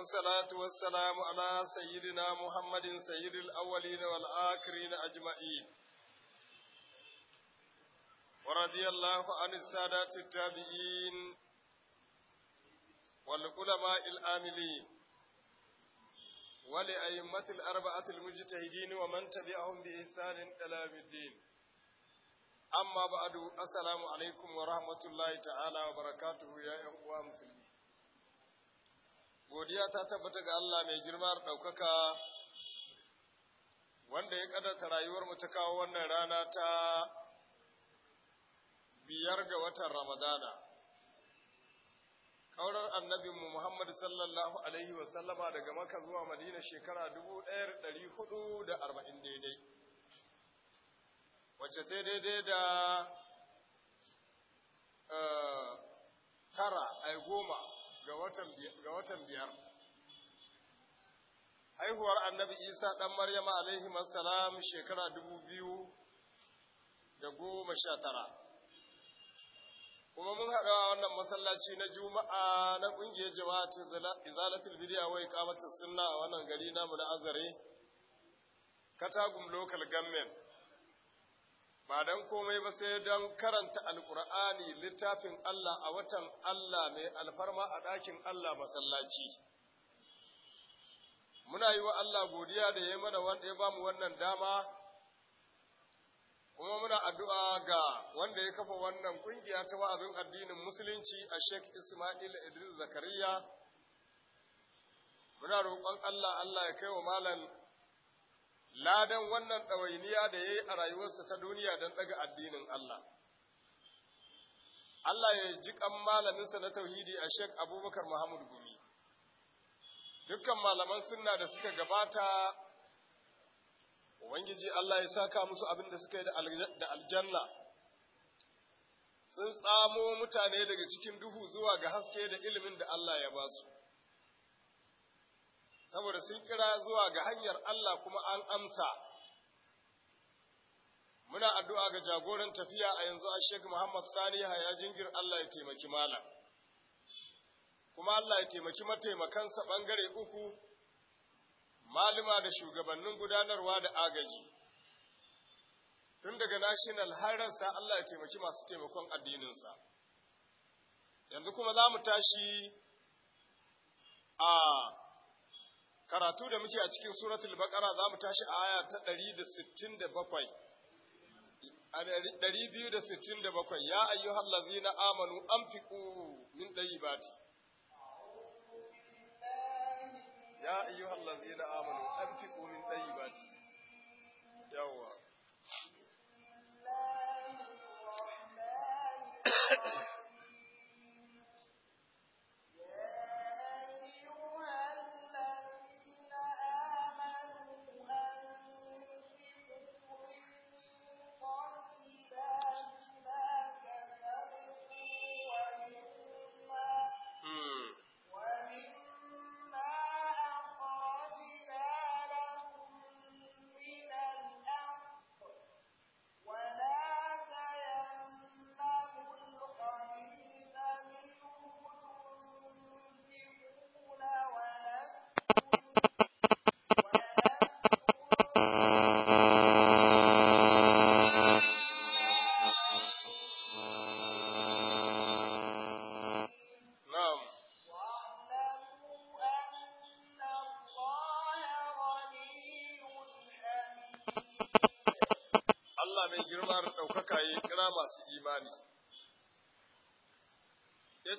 والصلاة والسلام على سيدنا محمد سيد الأولين والآخرين أجمعين ورضي الله عن السادات التابعين والعلماء الآملين ولأئمة الأربعة المجتهدين ومن تبعهم بإحسان إلى الدين أما بعد السلام عليكم ورحمة الله تعالى وبركاته يا أخوة مسلمين godiya ta tabbata ga Allah mai girma ɗaukaka wanda ya kadata mu ta kawo wannan rana ta biyar ga watan Ramadana. Ƙaurar annabinmu Muhammad sallallahu Alaihi wasallama daga maka zuwa Madina shekara 1440 daidai, wacce ta daidai da eh, tara a goma ga watan biyar haihuwar annabi isa ɗan maryama alaihi salam shekara dubu biyu da goma sha tara kuma mun haɗa wannan masallaci na juma'a na ƙungiyar jama'atin izalatul bidiya wai kamata sunna a wannan gari namu na azare katagum local government ba don komai ba sai don karanta alkur'ani littafin Allah a watan Allah mai alfarma a ɗakin Allah masallaci. Muna yi wa Allah godiya da ya mana wanda ya bamu wannan dama, kuma muna addu'a ga wanda ya kafa wannan ƙungiya ta wa'azin addinin Musulunci a Sheikh Ismail Idris Zakariya. Muna roƙon Allah Allah ya kai wa malam ladan wannan ɗawainiya da ya yi a rayuwarsa ta duniya don ɗaga addinin Allah. Allah ya ji ƙan malaminsa na tauhidi a Sheikh Abubakar Muhammad Gumi. Dukkan malaman sunna da suka gabata, Ubangiji Allah ya saka musu abin da suka yi da aljanna. Sun tsamo mutane daga cikin duhu zuwa ga haske da ilimin da Allah ya ba su. saboda sun kira zuwa ga hanyar Allah kuma an amsa muna addu'a ga jagoran tafiya a yanzu a Sheikh Muhammad Sani ya jingir Allah ya taimaki malam kuma Allah ya taimaki mataimakansa bangare uku malima da shugabannin gudanarwa da agaji tun daga national haransa Allah ya taimaki masu taimakon addininsa yanzu kuma za mu tashi a karatu da muke a cikin suratul baqara za mu tashi a aya ta 167 267 ya ayyuhal ladzina amanu anfiqu min tayyibati ya ayyuhal ladzina amanu anfiqu min tayyibati yawwa Thank you.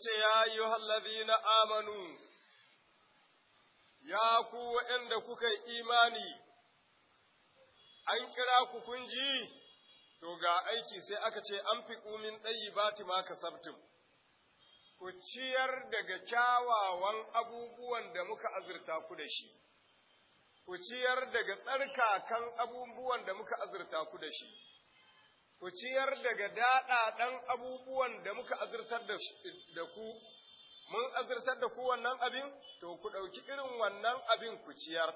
ce ya yi ayyuhal na amanu ya ku wa'anda kuka yi imani an kira ku kun ji to ga aiki sai aka ce an fi kumin ɗayi ba ti ma kasabtum ku ciyar daga kyawawan abubuwan da muka azurta ku da shi ku ciyar daga tsarkakan abubuwan da muka azurta ku da shi ku ciyar daga daɗaɗen abubuwan da muka azurtar da ku, mun azurtar da ku wannan abin, to ku ɗauki irin wannan abin ku ciyar.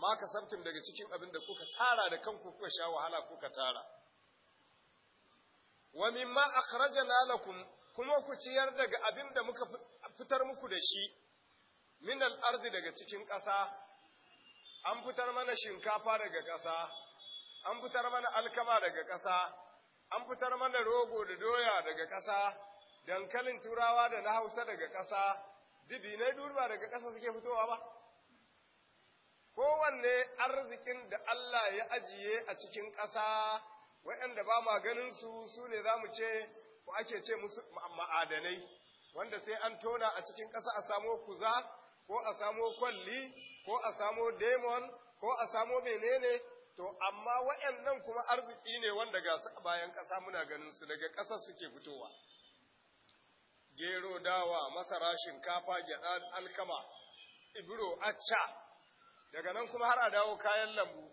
Ma ka sabtin daga cikin abin da kuka tara da kanku kuka sha wahala kuka tara. Wa mimma akhrajana lakum kuma ku ciyar daga abin da muka fitar muku da shi, min al'arzi daga cikin ƙasa, an fitar mana shinkafa daga ƙasa, an fitar mana alkama daga ƙasa, an fitar mana rogo da doya daga ƙasa, dankalin turawa da na hausa daga ƙasa, dibi na durba daga ƙasa suke fitowa ba. Kowanne arzikin da Allah ya ajiye a cikin ƙasa, waɗanda ba ma ganinsu su ne za mu ce, ko ake ce musu ma'adanai, wanda sai an tona a cikin ƙasa a samo kuza, ko a samo kwalli, ko a samo demon, ko a samo menene, To, amma waɗannan kuma arziki ne wanda ga su a bayan ƙasa muna ganin su daga ƙasa suke fitowa. Gero, dawa, masara, shinkafa, gyaɗa, alkama, ibro, acca, daga nan kuma har a dawo kayan lambu,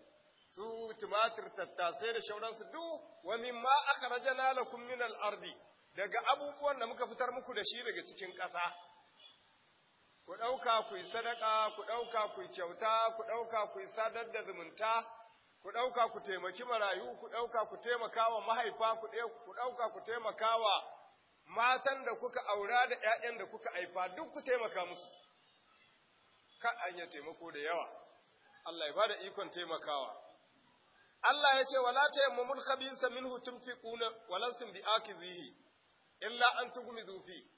su tumatir, tattasai da shauransu duk wani ma aka raja lalakun min al'ardi daga abubuwan da muka fitar muku da shi daga cikin ƙasa. ku ɗauka ku yi sadaka, ku ɗauka ku yi kyauta, ku ɗauka ku yi sadar da zumunta, ku ɗauka ku taimaki marayu ku ɗauka ku taimaka wa mahaifa ku ɗauka ku taimaka wa matan da kuka aura da ‘ya'yan da kuka haifa duk ku taimaka musu kan an taimako da yawa Allah ya bada ikon taimakawa Allah ya ce wala tayammumul khabisa minhu tunfiquna walastum in illa an tugmizu zufi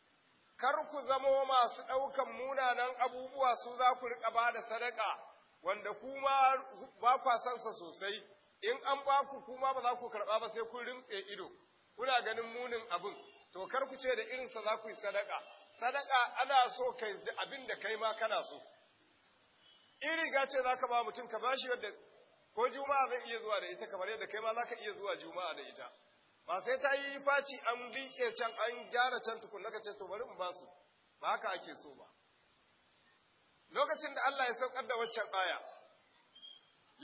kar ku zamo masu ɗaukan munanan abubuwa su za ku riƙa ba da sadaka wanda kuma ba kwa sa sosai in an ba ku kuma ba za ku karɓa ba sai kun rintse ido kuna ganin munin abin to kar ku ce da irinsa za ku yi sadaka sadaka ana so kai abin da kai ma kana so in riga ce za ka ba mutum ka bashi wadda ko juma'a zai iya zuwa da ita kamar yadda kai ma za ka iya zuwa juma'a da ita ba sai ta yi faci an bike can an gyara can tukun ka ce to bari in ba su ba haka ake so ba lokacin da Allah ya saukar da waccan aya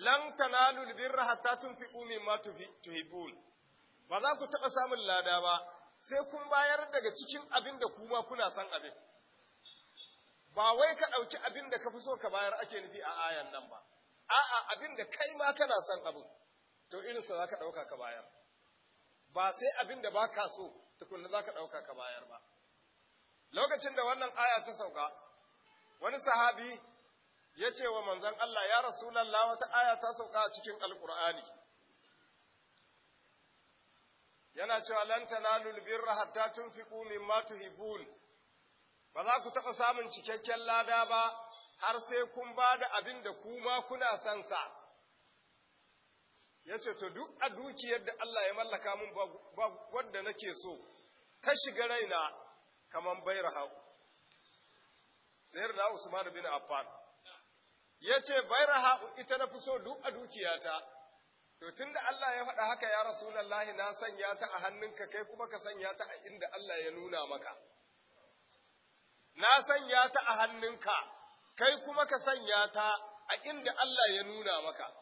lan tanalu birra hatta tunfiqu mimma tuhibbun ba za ku taɓa samun lada ba sai kun bayar daga cikin abin da kuma kuna san abin ba wai ka ɗauki abin da ka fi so ka bayar ake nufi a ayan nan ba a'a abin da kai ma kana san abin to irinsa za ka ɗauka ka bayar ba sai abin da ba ka so tukunna za ka ɗauka ka bayar ba lokacin da wannan aya ta sauka wani sahabi ya ce wa manzan Allah ya rasulallah wata aya ta sauka a cikin alkur'ani yana cewa lanta na lan Rahata tun fi ƙumin Matu-Hibun. ba za ku taɓa samun cikakken lada ba har sai kun ba da abin da kuma kuna son sa ya ce to duk a dukiyar da Allah ya mallaka min wadda nake so ta shiga raina kamar bai rahau sayar da Usman bin Affan ya ce bairaha ita na fi so duk a dukiyata to tunda Allah ya faɗa haka ya rasulullahi na sanya ta a hannunka kai kuma ka sanya ta a inda Allah ya nuna maka na sanya ta a hannunka kai kuma ka sanya ta a inda Allah ya nuna maka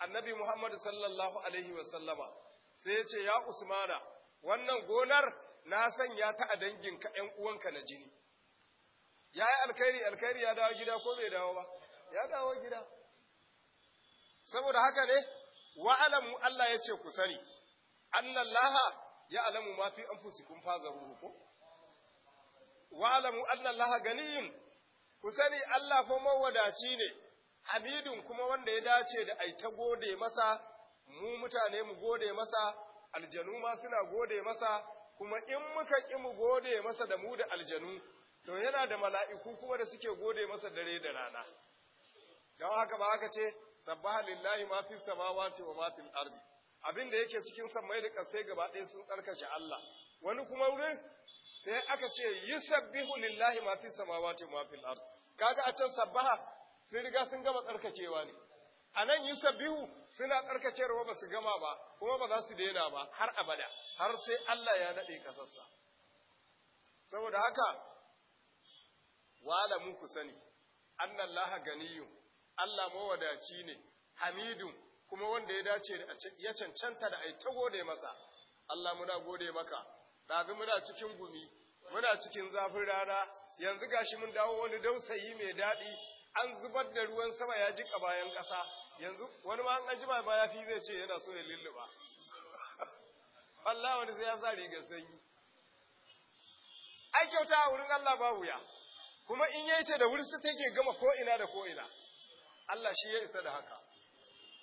annabi Muhammad sallallahu alaihi wa sallama sai ya ce ya Usmana wannan gonar na sanya ta a danginka ƴan uwanka na jini, ya yi alkhairi alkhairi ya dawo gida ko bai dawo ba ya dawo gida saboda haka ne wa alamu Allah ya ce ku sani annallaha ya alamu ma fi anfusikum fazaruhu ko wa alamu annallaha yin, ku sani Allah fa mawadaci ne hamidun kuma wanda ya dace da aita gode masa mu mutane mu gode masa aljanu ma suna gode masa kuma in muka ki mu gode masa da mu da aljanu to yana da mala'iku kuma da suke gode masa dare da rana don haka ba aka ce sabbaha lillahi mafi sama samawati wa mafi arzi. abin da yake cikin sammai da kasai gaba ɗaya sun Allah wani kuma wurin sai aka ce yusabbihu lillahi mafi sama samawati wa mafi arzi, kaga a can sabbaha sun riga sun gama tsarkakewa ne a nan bihu? suna tsarkakewa ba su gama ba kuma ba za su daina ba har abada har sai Allah ya naɗe kasarsa saboda haka wa'alamu ku sani, annan laha ganiyu Allah mawadaci ne, Hamidu kuma wanda ya dace ya cancanta da ai ta gode masa, Allah muna gode maka, ɗazu muna cikin gumi, muna cikin zafin rana, yanzu gashi mun dawo wani dausayi mai daɗi, an zubar da ruwan sama ya jika bayan ƙasa, yanzu wani ma an jima ma ya fi zai ce yana so ya lulluɓa. Allah wani sai ya sa rigar sanyi. Ai kyauta a wurin Allah ba wuya. kuma in yayi ta da wuri su take gama ko ina da ko ina Allah shi ya isa da haka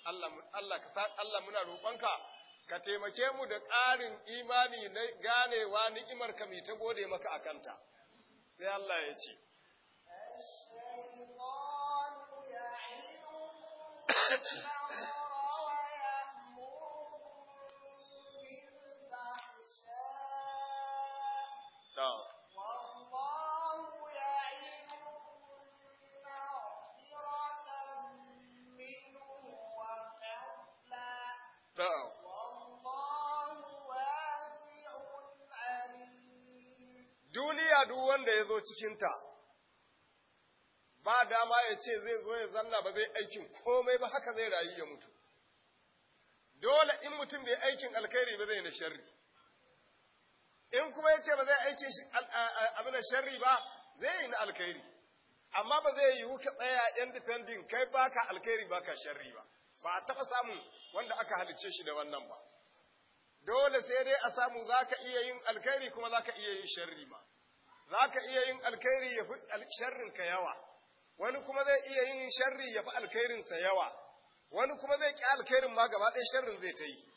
Allah Allah ka Allah muna roƙonka ka taimake mu da ƙarin imani na ganewa ni'imar ka mai ta gode maka akanta sai Allah ya ce Thank you. cikinta ba dama ya ce zai zo ya zanna ba zai aikin komai ba haka zai rayu ya mutu dole in mutum bai aikin alkhairi ba zai na sharri in kuma ya ce ba zai aikin abu na sharri ba zai yi na alkhairi amma ba zai yi ka tsaya independent kai baka alkhairi ka sharri ba ba a taɓa samun wanda aka halicce shi da wannan ba dole sai dai a samu za ka iya yin alkhairi kuma za ka iya yin sharri ma za ka iya yin alkhairi ya fi ka yawa wani kuma zai iya yin sharri ya fi sa yawa wani kuma zai ki alkhairin ma gaba ɗaya sharrin zai ta yi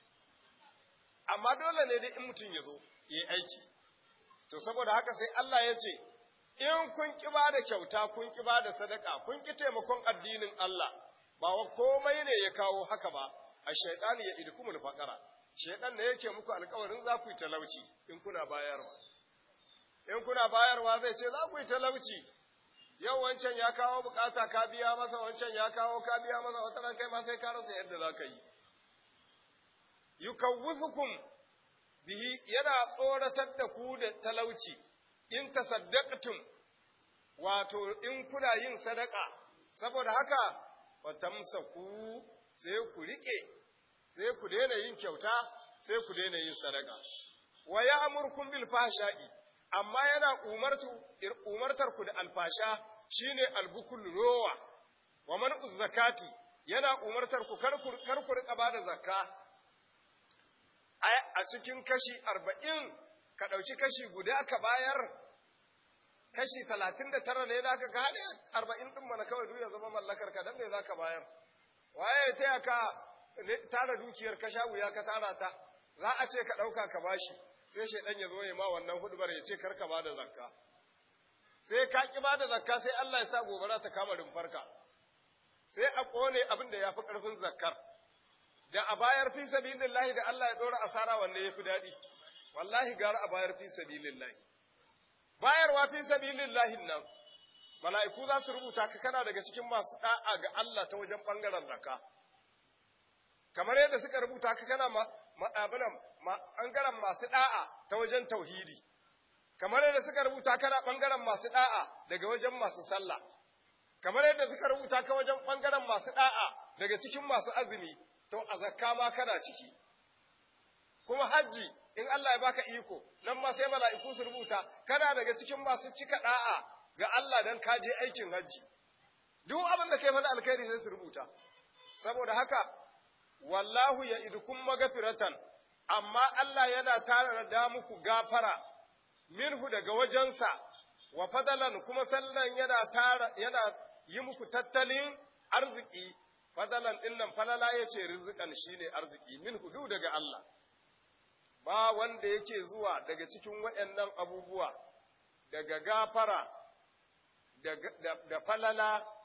amma dole ne dai in mutum ya zo ya aiki to saboda haka sai Allah ya ce in kun ƙi ba da kyauta kun ki ba da sadaka kun ki taimakon addinin Allah ba wa komai ne ya kawo haka ba a shaiɗani ya idikumul faƙara shaiɗan ne yake muku alƙawarin za ku yi talauci in kuna bayarwa in kuna bayarwa zai ce za ku yi talauci yau wancan ya kawo bukata ka biya masa wancan ya kawo ka biya masa wata ran kai ma sai ka rasa yadda za ka yi yukawwifukum bihi yana tsoratar da ku da talauci in tasaddaqtum wato in kuna yin sadaka saboda haka tamsaku sai ku rike sai ku daina yin kyauta sai ku daina yin sadaka wa ya'murkum bil fahsha'i amma yana umartar ku da alfasha shine albukul rowa wa man zakati yana umartar ku kar ku rika bada zakka a cikin kashi arba'in ka ɗauki kashi guda ka bayar kashi talatin da tara ne da aka ka haɗe arba'in ɗin mana kawai duk ya zama mallakar ka dan za ka bayar waye ya taya ka tara dukiyar ka sha wuya ka tara ta za a ce ka ɗauka ka bashi sai shaidan ya zo ya ma wannan hudubar ya ce karka ba da zakka sai ka ki ba da zakka sai Allah ya sa gobara ta kama rumfarka sai a kone abin da ya fi karfin zakkar da a bayar fi sabilillahi da Allah ya dora asara wanda ya fi daɗi wallahi gara a bayar fi sabilillahi bayarwa fi sabilillahi nan mala'iku za su rubuta ka kana daga cikin masu da'a ga Allah ta wajen bangaren zakka kamar yadda suka rubuta ka kana abinan ɓangaren masu ɗa'a ta wajen tauhidi kamar yadda suka rubuta kana ɓangaren masu ɗa'a daga wajen masu sallah kamar yadda suka rubuta ka wajen ɓangaren masu ɗa'a daga cikin masu azumi to a zakka ma kana ciki kuma hajji in Allah ya baka iko nan ma sai mala'iku su rubuta kana daga cikin masu cika ɗa'a ga Allah dan kaje aikin hajji duk abin da kai mana alkhairi sai su rubuta saboda haka wallahu ya idukun magafiratan, amma Allah yana tara muku gafara, minhu daga wajensa, wa fadalan kuma sallan yana tara yana yi muku tattalin arziki, fadalan ɗinnan falala ya ce rizikan shi ne arziki, minhu duk daga Allah. Ba wanda yake zuwa daga cikin waɗannan abubuwa, daga gafara, da falala,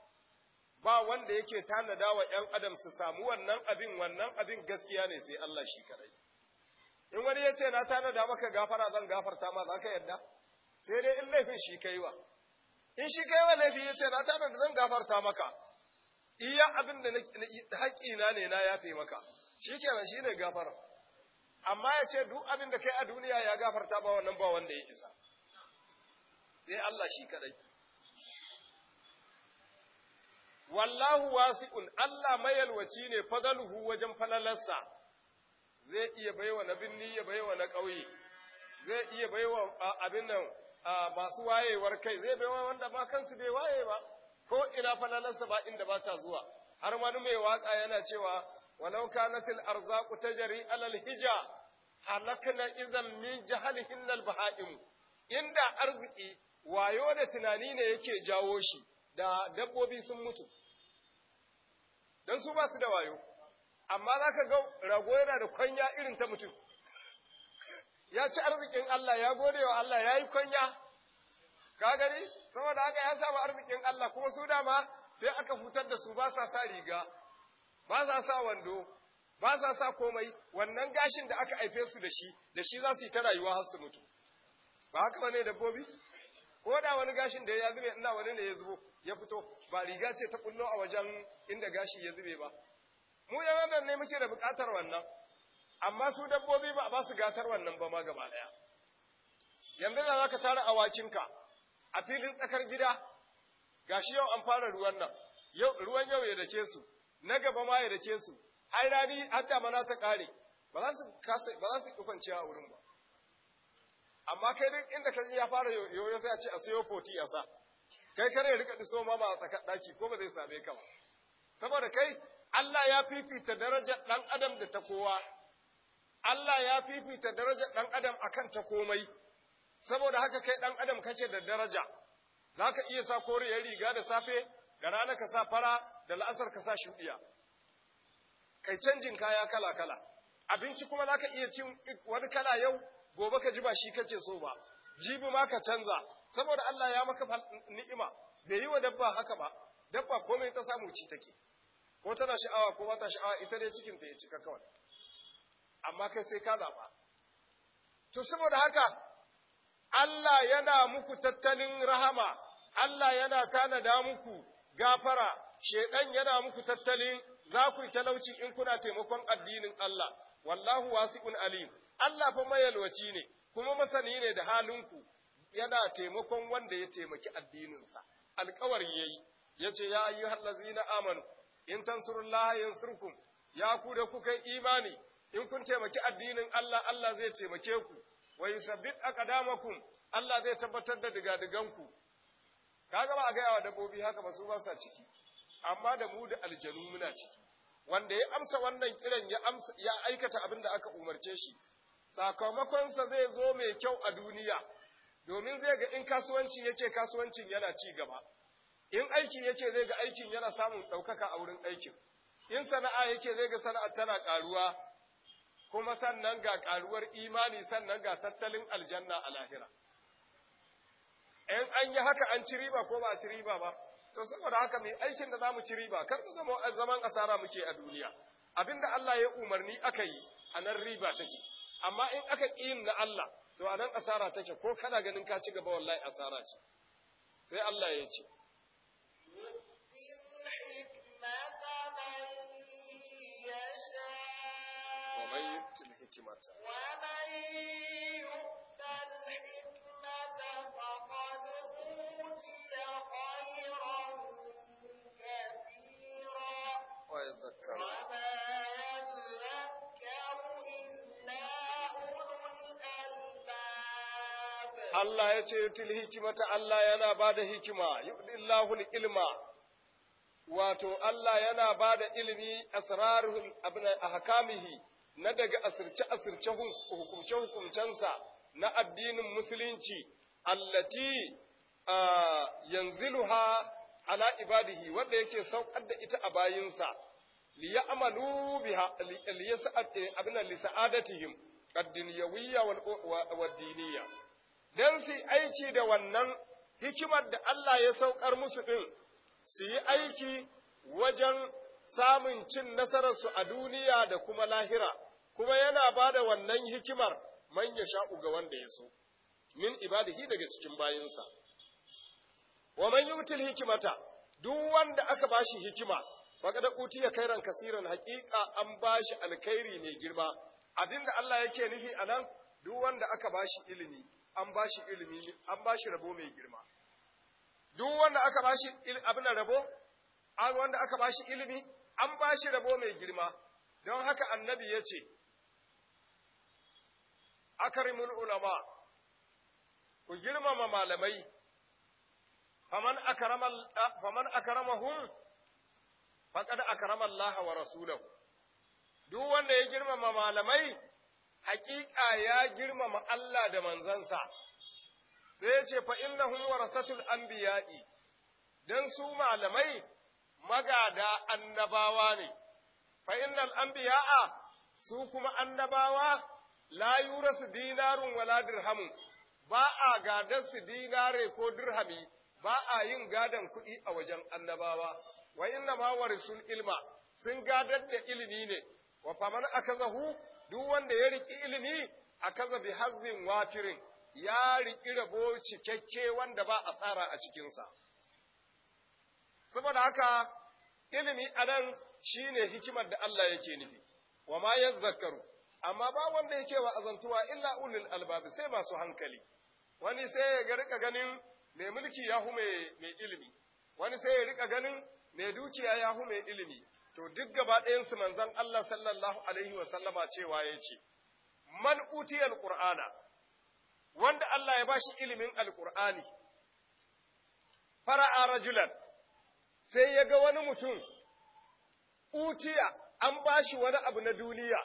ba wanda yake tanada wa ‘yan adam su samu wannan abin wannan abin gaskiya ne sai Allah shi kadai. In wani ya ce na tanada maka gafara zan gafarta ma za ka yarda? Sai dai in laifin shi kai wa. In shi kai wa laifi ya ce na tanada zan gafarta maka. Iya abin da haƙƙina ne na yafe maka. Shi kenan shi ne gafara. Amma ya ce duk abin da kai a duniya ya gafarta ba wannan ba wanda ya isa. Sai Allah shi kadai. wallahu wasi'un Allah mayalwaci ne fadaluhu wajen falalarsa zai iya baiwa na binni ya baiwa na ƙauye zai iya baiwa abin nan masu wayewar kai zai baiwa wanda ma kansu bai waye ba ko ina falalarsa ba inda ba ta zuwa har wani mai waka yana cewa walau kanatil arzaqu tajri alal hija halakna idan min jahalihin al baha'im inda arziki wayo da tunani ne yake jawo shi da dabbobi sun mutu don su ba su da wayo amma za ka ga rago yana da kwanya irin ta mutum ya ci arzikin Allah ya gode wa Allah ya yi kwanya ka gani saboda haka ya samu arzikin Allah kuma su dama sai aka hutar da su ba sa sa riga ba sa sa wando ba sa sa komai wannan gashin da aka haife su da shi da shi za su yi ta rayuwa har su mutu ba haka bane dabbobi ko da wani gashin da ya zube ina wani ne ya zubo ya fito ba riga ce ta kullo a wajen inda gashi ya zube ba mu yan wannan ne muke da bukatar wannan amma su dabbobi ba ba su gatar wannan ba ma gaba daya yanzu da zaka tara awakin ka a filin tsakar gida gashi yau an fara ruwan nan yau ruwan yau ya dace su na gaba ma ya dace su har rani hatta mana ta kare ba za su ba za su kwanciya a wurin ba amma kai duk inda ka ya fara yoyo sai a ce a sayo foti a sa kai kare ya rika diso ma ba a tsakar daki ko ba zai same ka ba saboda kai Allah ya fifita darajar dan adam da ta kowa Allah ya fifita darajar dan adam akan ta komai saboda haka kai dan adam kace da daraja zaka iya sa koriyar riga da safe da rana ka sa fara da la'asar ka sa shudiya kai canjin kaya kala kala abinci kuma zaka iya cin wani kala yau gobe ka ji ba shi kake so ba jibi ma ka canza saboda Allah ya maka ni'ima bai yi wa dabba haka ba dabba komai ta samu ci take ko tana sha'awa ko ba ta sha'awa ita dai cikin ta ya cika kawai amma kai sai ka zaba to saboda haka Allah yana muku tattalin rahama Allah yana tanada muku gafara shedan yana muku tattalin za ku yi talauci in kuna taimakon addinin Allah wallahu wasi'un alim Allah fa mayalwaci ne kuma masani ne da halinku yana taimakon wanda ya taimaki addininsa alkawari yayi yace ya ayyuhal na amanu in tansurullaha yansurkum ya ku da kuka imani in kun taimaki addinin Allah Allah zai taimake ku wa yusabbit aqdamakum Allah zai tabbatar da digadiganku kaga ba a gaya wa dabbobi haka ba su ba sa ciki amma da mu da aljanu muna ciki wanda ya amsa wannan kiran ya aikata abin da aka umarce shi sakamakonsa zai zo mai kyau a duniya domin zai ga in kasuwanci yake kasuwancin yana ci gaba in aiki yake zai ga aikin yana samun ɗaukaka a wurin aikin in sana'a yake zai ga sana'a tana ƙaruwa kuma sannan ga ƙaruwar imani sannan ga tattalin aljanna a lahira in an yi haka an ci riba ko ba ci riba ba to saboda haka mai aikin da za mu ci riba kar mu zama zaman asara muke a duniya abinda Allah ya umarni aka yi a nan riba take amma in aka yin na Allah to anan asara take ko kana ganin ka ci gaba wallahi asara ce sai Allah ya ce ومن يؤت الحكمة ومن يؤت Allah ya ce yutil hikimata Allah yana ba da hikima, yudillahul ilma, wato Allah yana ba da ilimi asrarul abin ahkamihi na daga asirce-asirce hukumce-hukumcensa na addinin musulunci, allati yanziluha ala ibadihi wanda yake saukar da ita a bayinsa, liya'amalu biha abin li sa'adatihim, ad-dunyawiyya wa diniyya don su aiki da wannan hikimar da Allah ya saukar musu ɗin, su yi aiki wajen samun cin nasararsu a duniya da kuma lahira, kuma yana ba da wannan hikimar manya ya sha'u ga wanda ya so, min ibadihi daga cikin bayinsa. Wa man yutil hikimata, duk wanda aka ba shi hikima, ya kai kairan kasiran haƙiƙa an ba shi alkhairi mai girma, abinda Allah yake nufi a nan, duk wanda aka ba shi ilimi, an ba shi ilimi an ba shi rabo mai girma duk wanda aka ba shi abin rabo an wanda aka ba shi ilimi an ba shi rabo mai girma don haka annabi ya ce akarimul ulama ku girmama malamai faman akarama faman akaramahum faqad akarama Allah wa rasulahu duk wanda ya girmama malamai hakika ya girmama Allah da manzansa sai ya ce fa innahum warasatul anbiya'i dan su malamai magada annabawa ne fa innal anbiya'a su kuma annabawa la su dinarun wala dirhamun ba a gadar su dinare ko dirhami ba a yin gadon kuɗi a wajen annabawa wa na sun ilma sun gadar da ilimi ne wa faman akazahu duk wanda ya riki ilimi a kaza bi hazin wafirin ya riki rabo cikakke wanda ba asara a cikinsa saboda haka ilimi a anan shine hikimar da Allah yake nufi wa ma zakaru amma ba wanda yake wa azantuwa illa ulil albabi sai masu hankali wani sai ya ga rika ganin mai mulki ya hu mai ilimi wani sai ya rika ganin mai dukiya ya hu mai ilimi to duk gaba ɗayansu manzon Allah sallallahu alaihi wa sallama cewa ya ce, Man utiyar Qur'ana, wanda Allah ya bashi ilimin Alƙur'ani, fara'a rajulan, sai ya ga wani mutum, utiya an bashi wani abu na duniya,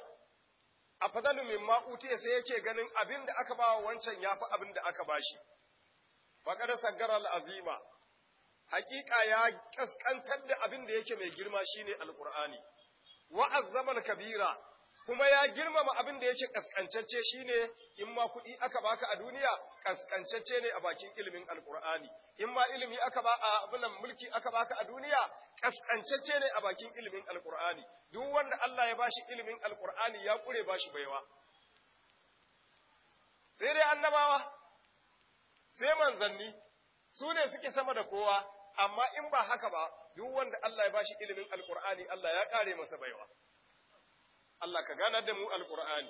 a fadalu ma utiya sai yake ganin abin da aka ba wancan ya fi abin da aka bashi. Faƙar sangarar azima, hakika ya kaskantar da abin da yake mai girma shine alqur'ani wa kabira kuma ya girmama abin da yake kaskantacce shine in ma kuɗi aka baka a duniya kaskantacce ne a bakin ilimin alqur'ani in ma ilimi aka ba a abin mulki aka baka a duniya kaskantacce ne a bakin ilimin alqur'ani duk wanda Allah ya bashi ilimin alqur'ani ya kure bashi baiwa sai dai annabawa sai manzanni su ne suke sama da kowa amma in ba haka ba duk wanda Allah ya bashi ilimin alkur'ani Allah ya kare masa baiwa Allah ka ganar da mu alkur'ani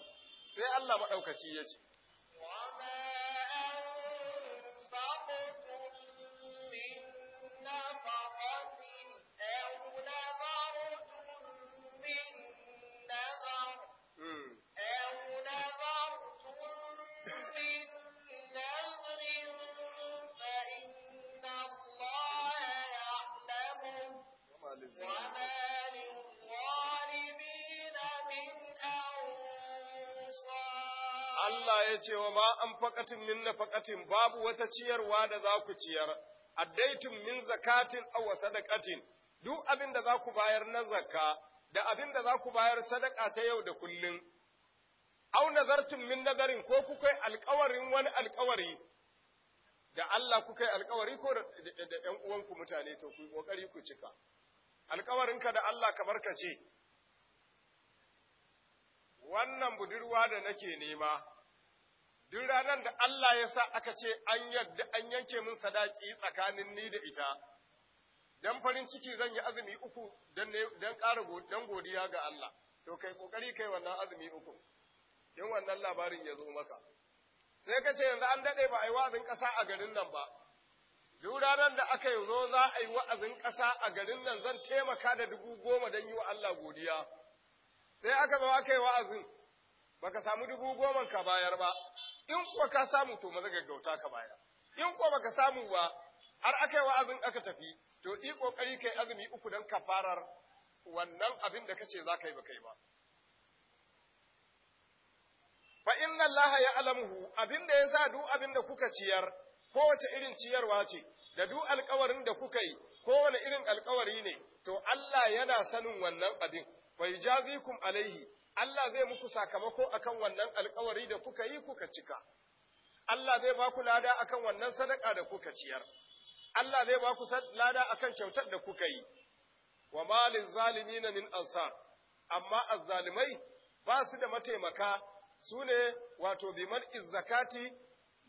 sai Allah maɗaukaci ya ce cewa ma an faƙatin min na faƙatin babu wata ciyarwa da za ku ciyar, addaitin min zakatin a da sadakatin, duk abin da za ku bayar na zakka, da abin da za ku bayar sadaka ta yau da kullum. Au nazartun min nazarin ko ku kai alkawarin wani alkawari, da Allah kuka yi alkawari ko da ‘yan uwanku mutane to ku ƙoƙari ku cika. Alkawarinka da Allah ka barkace, wannan budurwa da nake nema, duk ranar da Allah ya sa aka ce an yadda an yanke min sadaki tsakanin ni da ita, don farin ciki zan yi azumi uku don ƙara godiya ga Allah, to kai ƙoƙari kai wannan azumi uku, in wannan labarin ya zo maka. Sai ka ce yanzu an daɗe ba a yi wa'azin ƙasa a garin nan ba, duk ranar da aka yi zo za a yi wa'azin ƙasa a garin nan zan taimaka da dubu goma don yi wa Allah godiya. Sai aka zo aka yi wa'azin, baka samu dubu goma ka bayar ba in kuwa ka samu to maza gaggauta ka bayar in kuwa baka samu ba har aka yi wa'azin aka tafi to yi kokari kai azumi uku don kafarar wannan abin da kace za ka yi baka yi ba fa inna allaha ya'lamuhu abin da yasa duk abin da kuka ciyar kowace irin ciyarwa ce da duk alƙawarin da kuka yi kowane irin alƙawari ne to Allah yana sanin wannan abin wa yujazikum alaihi Allah zai muku sakamako akan wannan alkawari da kuka yi kuka cika. Allah zai ba ku lada akan wannan sadaka da kuka ciyar. Allah zai ba ku lada akan kyautar da kuka yi. Wa malin zalimina min ansar. Amma azzalimai ba su da mataimaka su ne wato biman izzakati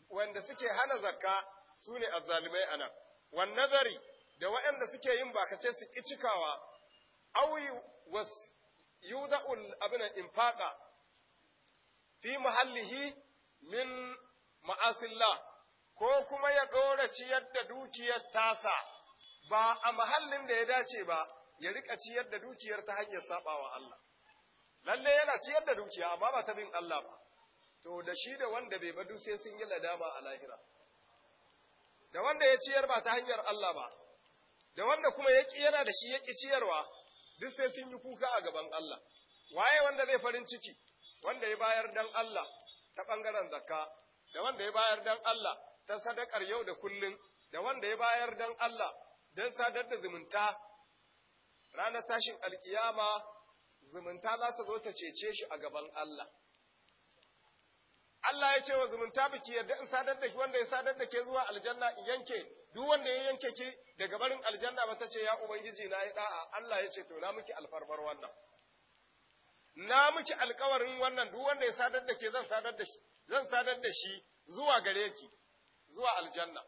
wanda suke hana zakka su ne azzalimai a nan. Wannan nazari da waɗanda suke yin bakace su ƙi cikawa, auyi wasu yuda'ul abin infaqa fi mahallihi min ma'asillah ko kuma ya ɗora ciyar da dukiyar tasa ba a mahallin da ya dace ba ya rika ciyar da dukiyar ta hanyar saɓawa Allah lalle yana ciyar da dukiya amma ba ta bin Allah ba to da shi da wanda bai badu sai sun yi ladama a lahira da wanda ya ciyar ba ta hanyar Allah ba da wanda kuma ya yana da shi ya ciyarwa duk sai sun yi kuka a gaban Allah waye wanda zai farin ciki wanda ya bayar dan Allah ta bangaren zakka da wanda ya bayar dan Allah ta sadakar yau da kullun da wanda ya bayar dan Allah dan sadar da zumunta ranar tashin alkiyama zumunta za ta zo ta cece shi a gaban Allah Allah ya ce wa zumunta biki yadda in sadar da wanda ya sadar da ke zuwa aljanna in yanke duk wanda ya yanke ki daga barin aljanna ba ta ce ya ubangiji na yi da'a Allah ya ce to na miki alfarmar wannan na miki alkawarin wannan duk wanda ya sadar da ke zan sadar da shi zan sadar da shi zuwa gare ki zuwa aljanna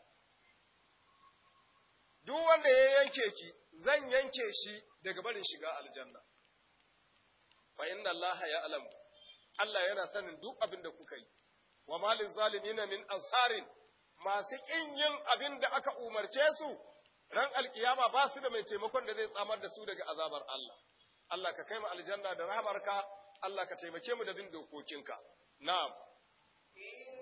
duk wanda ya yanke ki zan yanke shi daga barin shiga aljanna fa inna Allah ya alamu Allah yana sanin duk abin da kuka yi wa malin zalimin min ansarin masu ƙin yin abin da aka umarce su ran alkiyama ba su da mai taimakon da zai tsamar da su daga azabar Allah Allah ka kai mu aljanna da rahamarka Allah ka taimake mu da bin dokokinka na'am in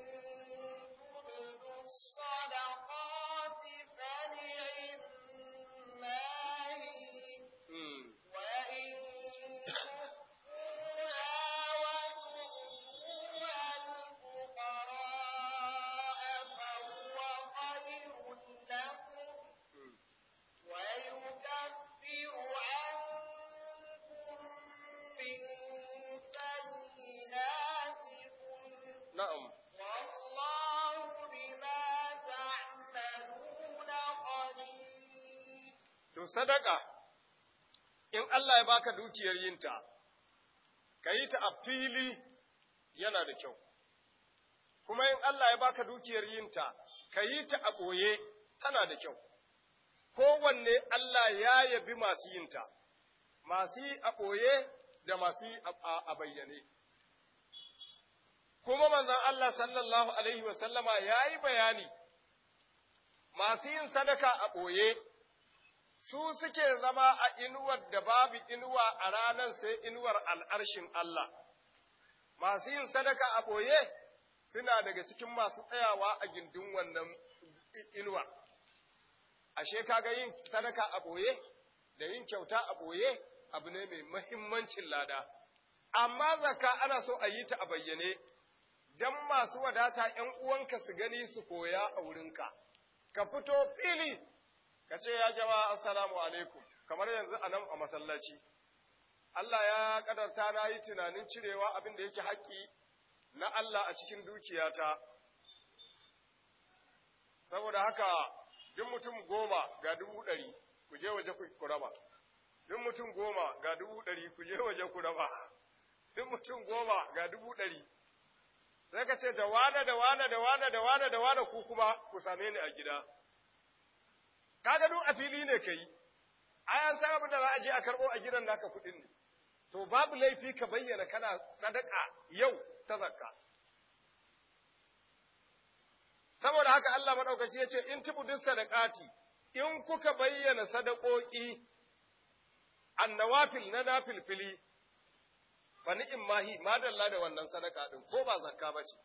To sadaka, in Allah ya baka dukiyar yinta, ka yi ta a fili yana da kyau, kuma in Allah ya baka dukiyar yinta, ka yi ta a ɓoye tana da kyau, kowanne Allah ya yabi masu yinta, masu yi a ɓoye da masu yi a bayyane. Kuma manzan Allah sallallahu Alaihi wasallama ya yi bayani, masu yin sadaka a ɓoye su suke zama a inuwar da babu inuwa a ranar sai inuwar al'arshin Allah. Masu yin sadaka a ɓoye suna daga cikin masu tsayawa a gindin wannan inuwar. Ashe kaga yin sadaka a ɓoye da yin kyauta a ɓoye abu ne mai mahimmancin lada. Amma zaka ana so a yi ta a bayyane, don masu wadata ‘yan uwanka su gani su koya a wurinka, ka fito fili ka ce ya jama'a assalamu alaikum kamar yanzu a nan a masallaci Allah ya kadarta na yi tunanin cirewa abin da yake haƙƙi na Allah a cikin dukiyata saboda haka duk mutum goma ga dubu ɗari ku je waje ku raba duk mutum goma ga dubu ɗari ku je waje ku raba duk mutum goma ga dubu ɗari sai ka ce da wane da wane da wane da wane da wane ku kuma ku same ni a gida kaga duk a fili ne kai ai an san abin da za a je a karbo a gidan naka kuɗin ne to babu laifi ka bayyana kana sadaka yau ta zakka saboda haka Allah madaukaki ya ce in duk sadakati, in kuka bayyana sadakoki annawafil na fili, fa ni'im mahi madalla da wannan sadaka din ko ba zakka ba ce?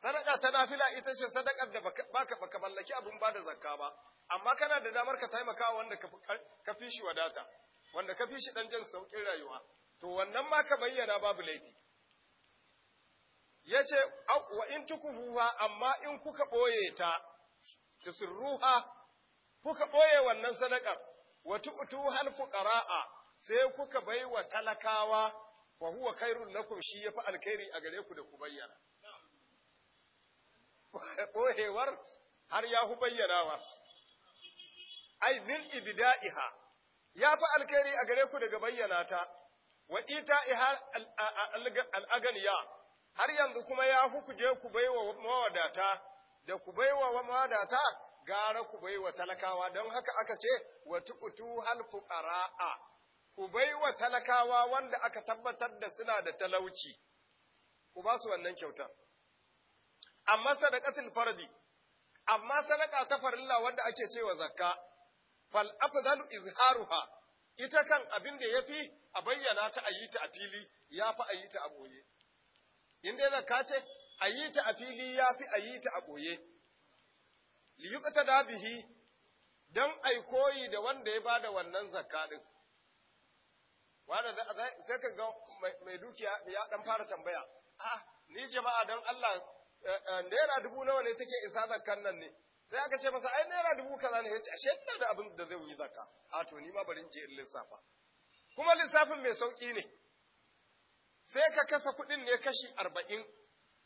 sadaka ta nafila ita ce sadakar da baka baka mallaki abun ba da zakka ba amma kana da damar ka taimaka wanda ka fi shi wadata wanda ka fi shi dan jin saukin rayuwa to wannan ma ka bayyana babu laifi yace wa in tukufuha amma in kuka boye ta tusurruha kuka boye wannan sadakar wa tu'tu hal fuqaraa sai kuka baiwa talakawa wa huwa khairul lakum shi yafi alkhairi a gare ku da ku bayyana boyewar har ya hu bayyanawa ai min ibda'iha ya fi alkhairi a gare ku daga bayyana ta wa al-aganiya har yanzu kuma ya fi ku je ku baiwa mawadata da ku baiwa mawadata gara ku baiwa talakawa don haka aka ce wa tuqutu hal fuqara'a ku baiwa talakawa wanda aka tabbatar da suna da talauci ku ba su wannan kyautar amma sadaqatul fardi amma sadaka ta farilla wanda ake cewa zakka fal afdalu izharuha ita kan abin da yafi a bayyana ta ayi ta a fili yafi ayi ta a boye in dai zaka ce ayi ta a fili yafi ayi ta a boye li yuqtada bihi dan ai koyi da wanda ya bada wannan zakka din wanda sai ka ga mai dukiya ya dan fara tambaya Ah ni jama'a dan Allah eh, eh, naira dubu nawa ne take isa zakkan nan ne sai aka ce masa ai naira dubu kaza ne yace ashe ina da abin da zai yi zakka a to ni ma bari in je in lissafa kuma lissafin mai sauki ne sai ka kasa kuɗin ne kashi arba'in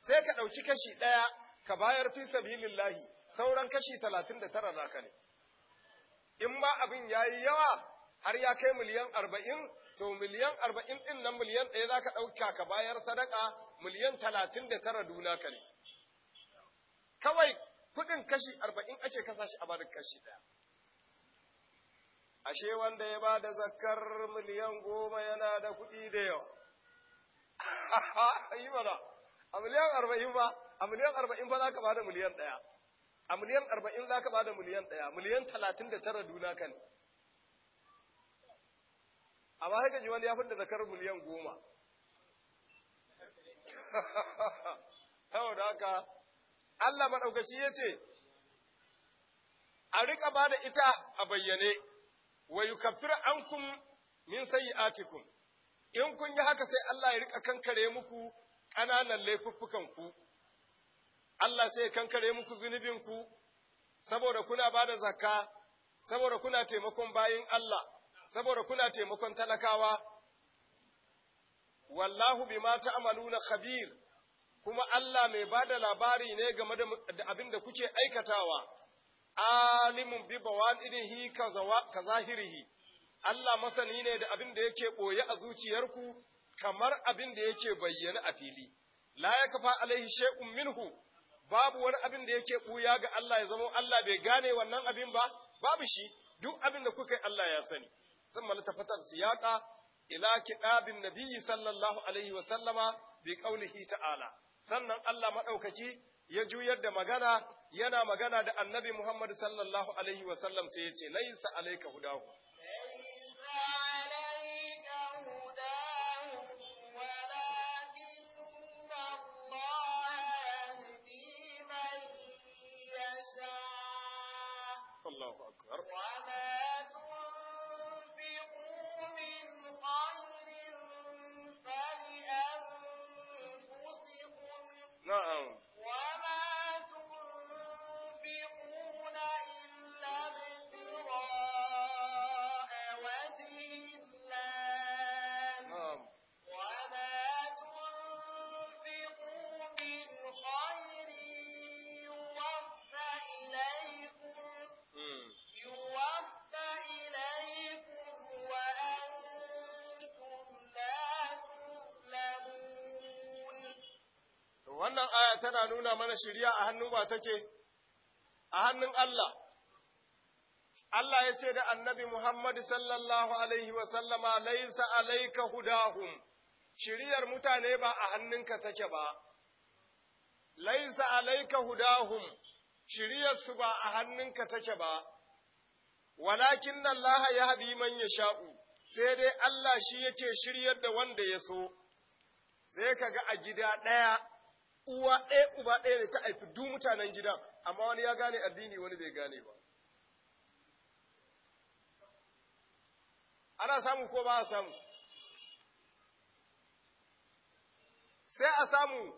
sai ka ɗauki kashi ɗaya ka bayar fi sabilillahi sauran kashi talatin da tara naka ne in ma abin ya yi yawa har ya kai miliyan arba'in to miliyan arba'in ɗin nan miliyan ɗaya za ka ɗauka ka bayar sadaka miliyan talatin da tara duna ka ne kawai kuɗin kashi arba'in ake kasa shi a bada kashi ɗaya. Ashe wanda ya ba da zakar miliyan goma yana da kuɗi da yawa. Yi mana, a miliyan arba'in ba, a miliyan arba'in ba za ka ba da miliyan ɗaya. A miliyan arba'in za ka ba da miliyan ɗaya, miliyan talatin da tara duna kan. A Amma haka ji wani ya fi da zakar miliyan goma. Saboda haka, Allah maɗaukaci ya ce, A riƙa ba da ita a bayyane, wa yi kafir an kun min sayi atikun, in kun yi haka sai Allah ya riƙa kankare muku ƙananan ku. Allah sai ya kankare muku zunubinku, saboda kuna bada da zakka, saboda kuna taimakon bayin Allah, saboda kuna taimakon talakawa, wallahu bima ta'maluna khabir. kuma Allah mai ba da labari ne game da abin da kuke aikatawa, alimun bi hi ka zahirihi, Allah masani ne da abin da yake ɓoye a zuciyarku kamar abin da yake bayyana a fili. La ya kafa alaihi shay'un minhu babu wani abin da yake ɓuya ga Allah ya zama Allah bai gane wannan abin ba, babu shi duk abin da kuka yi Allah ya sani. Sun malata fatar siyaka ila kiɗabin nabiyyi sallallahu alaihi wa sallama bi ƙaunihi ta'ala. sannan Allah madaukaki ya juyar da magana yana magana da annabi Muhammad sallallahu alaihi wa sallam sai ya ce laisa alayka hudahu الله أكبر وما تنفقوا من خير No. wannan aya tana nuna mana shirya a hannu ba take a hannun Allah Allah ya ce da annabi Muhammad sallallahu alaihi wa sallama laisa alaika hudahum shiryar mutane ba a hannunka take ba laisa alaika hudahum shiryar su ba a hannunka take ba walakin Allah ya hadi man yasha'u sai dai Allah shi yake shiryar da wanda ya so sai ka ga a gida ɗaya uwa ɗaya uba ɗaya ne ta haifi du mutanen gidan amma wani ya gane addini wani bai gane ba ana samu ko ba a samu sai a samu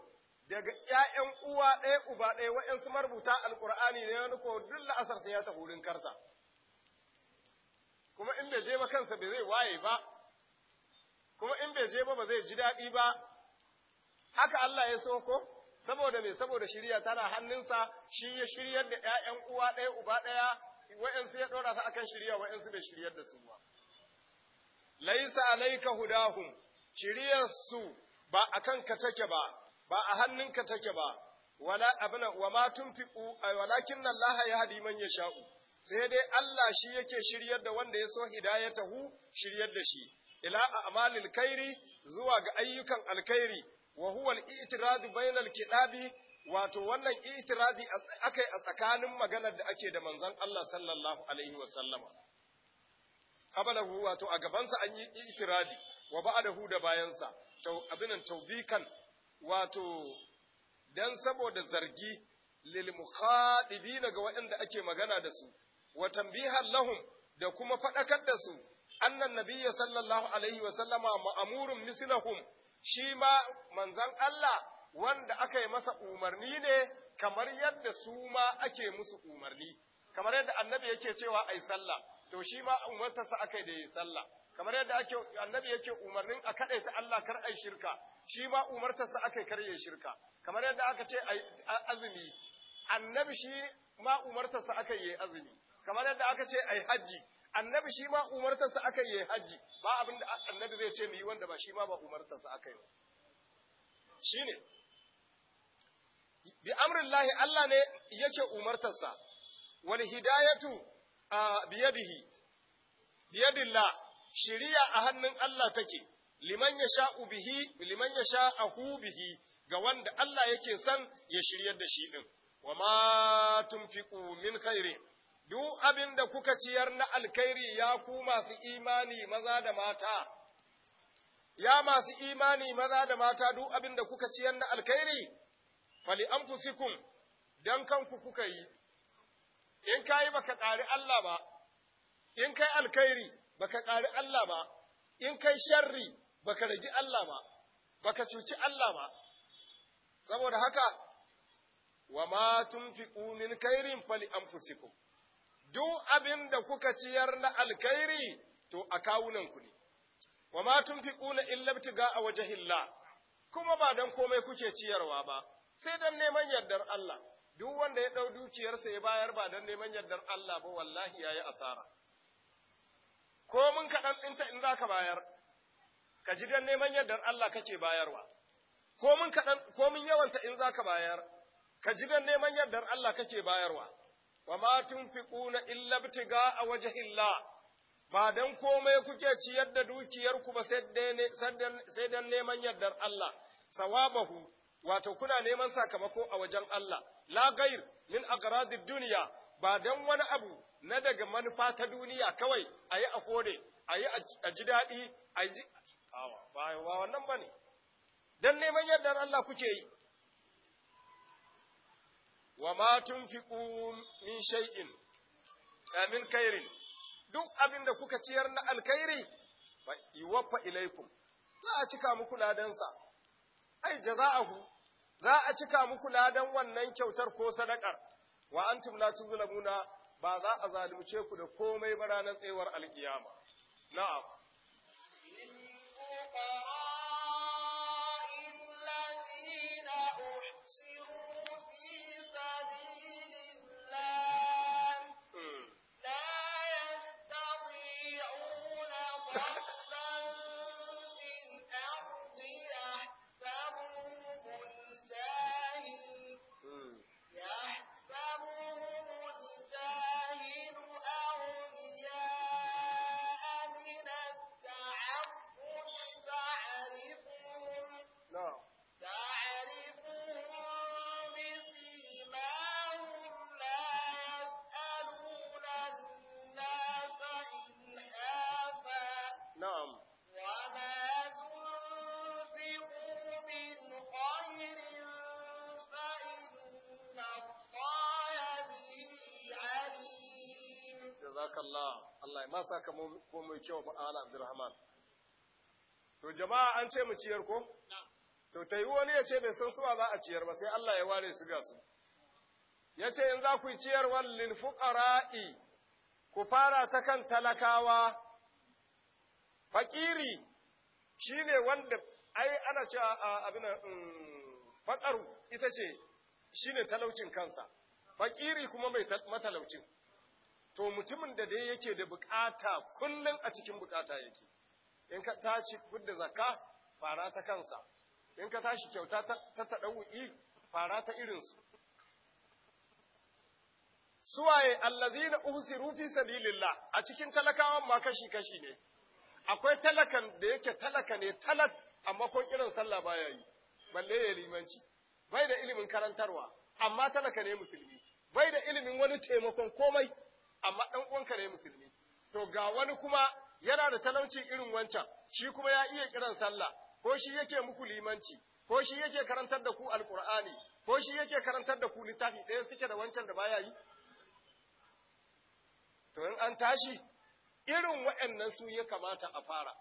daga ‘ya'yan uwa ɗaya uba ɗaya wa'yansu marubuta alƙur'ani ne wani ko duk la'asar sai ya tafi wurin karta kuma in bai je ba kansa bai zai waye ba kuma in bai je ba ba zai ji daɗi ba haka Allah ya so ko? saboda me saboda shirya tana hannunsa shi ya shiryar da ƴaƴan uwa ɗaya uba ɗaya wa'ansu ya ɗora su akan shirya wa'ansu bai shiryar da su ba laisa alaika hudahum shiryar su ba akan ka take ba ba a hannunka take ba wala abna wa ma tunfiqu walakin Allah yahdi man yasha'u sai dai Allah shi yake shiryar da wanda ya so hidayatahu shiryar da shi ila a'malil khairi zuwa ga ayyukan alkhairi wa huwa al-i'tiradu bainal kitabi wato wannan i'tiradi akai a tsakanin maganar da ake da manzon Allah sallallahu alaihi wa sallama wato a gabansa an yi i'tiradi wa ba'dahu da bayansa to abinan tawbikan wato dan saboda zargi lil mukhadibina ga waɗanda ake magana da su wa tanbihan lahum da kuma fadakar da su annan nabiyya sallallahu alaihi wa sallama ma'amurun mislahum shi ma manzan Allah wanda aka yi masa umarni ne kamar yadda su ma ake musu umarni kamar yadda annabi yake cewa a yi sallah to shi ma umartarsa aka yi da yi sallah kamar yadda annabi yake umarnin a kaɗai ta Allah kar a yi shirka shi ma umartarsa aka yi shirka kamar yadda aka ce azumi annabi shi ma umartarsa aka yi azumi kamar yadda aka ce a yi hajji annabi shi ma umartarsa aka yi hajji ba abin da annabi zai ce mu yi wanda ba shi ma ba umartarsa aka yi shi ne bi amrin lahi Allah ne yake umartarsa wani hidayatu biyadihi dilla shiriya a hannun Allah take liman yasha'u bihi liman yasha'u bihi ga wanda Allah yake son ya shiryar da shi din wa ma tunfiqu min khairin duk abin da kuka ciyar na alkhairi ya ku masu imani maza da mata, ya masu imani maza da mata duk abin da kuka ciyar na alkhairi, fali an fusikun don kanku kuka yi, in ka yi baka ƙari Allah ba, in kai alkhairi baka ƙari Allah ba, in kai sharri baka ragi Allah ba, baka cuci Allah ba, saboda haka, wa ma tun fi ƙunin kairin fali an fusikun. duk abin da kuka ciyar na alkhairi to a kawunanku ne, wa ma tunfiquna illa ibtiga a wajhillah kuma ba dan komai kuke ciyarwa ba, sai dan neman yardar Allah, duk wanda ya dukiyar dukiyarsa ya bayar ba dan neman yardar Allah ba wallahi yayi asara. Ko mun kaɗan ɗinta in za ka bayar, ka ji dan neman yardar Allah kake bayarwa. Ko mun dan ko mun yawanta in za ka bayar, ka ji dan neman yardar Allah kake bayarwa. wa ma tunfiquna illa ibtiga'a wajhillah ba dan komai kuke ciyar da dukiyarku ba sai dan neman yardar Allah sawabahu wato kuna neman sakamako a wajen Allah la gair min aqradi dunya ba dan wani abu na daga manufa ta duniya kawai ayi a kore ayi a ji dadi ayi ba wannan bane dan neman yardar Allah kuke yi wa ma tunfiqu min shay'in min duk abin da kuka ciyar na alkhairi Ba iwaffa ilaikum za a cika muku ladansa ai jaza'ahu za a cika muku ladan wannan kyautar ko sadakar wa antum la tuzlamuna ba za a zalunce ku da komai ba ranar tsayuwar alkiyama na'am jazakallah Allah ya ma saka ko mai kyau fa ala Abdurrahman to jama'a an ce mu ciyar ko to tai wani ya ce bai san suwa za a ciyar ba sai Allah ya ware su ga su ya ce in za ku yi ciyarwar lil fuqara'i ku fara ta kan talakawa fakiri shine wanda ai ana ce abin mm, fakaru ita ce shine talaucin kansa fakiri kuma mai matalaucin to mutumin da dai yake da bukata kullum a cikin bukata yake in ka tashi fidda zakka fara ta kansa in ka tashi kyauta ta taɗawu'i fara ta irinsu suwaye allazina uhsiru fi sabilillah a cikin talakawan ma kashi kashi ne akwai talakan da yake talaka ne talat amma ko irin sallah baya yi balle ya limanci bai da ilimin karantarwa amma talaka ne musulmi bai da ilimin wani taimakon komai amma ɗan uwanka ne musulmi to ga wani kuma yana da talauci irin wancan shi kuma ya iya kiran sallah ko shi yake muku limanci ko shi yake karantar da ku alqur'ani ko shi yake karantar da ku littafi ɗaya suke da wancan da baya yi to in an tashi irin waɗannan su ya kamata a fara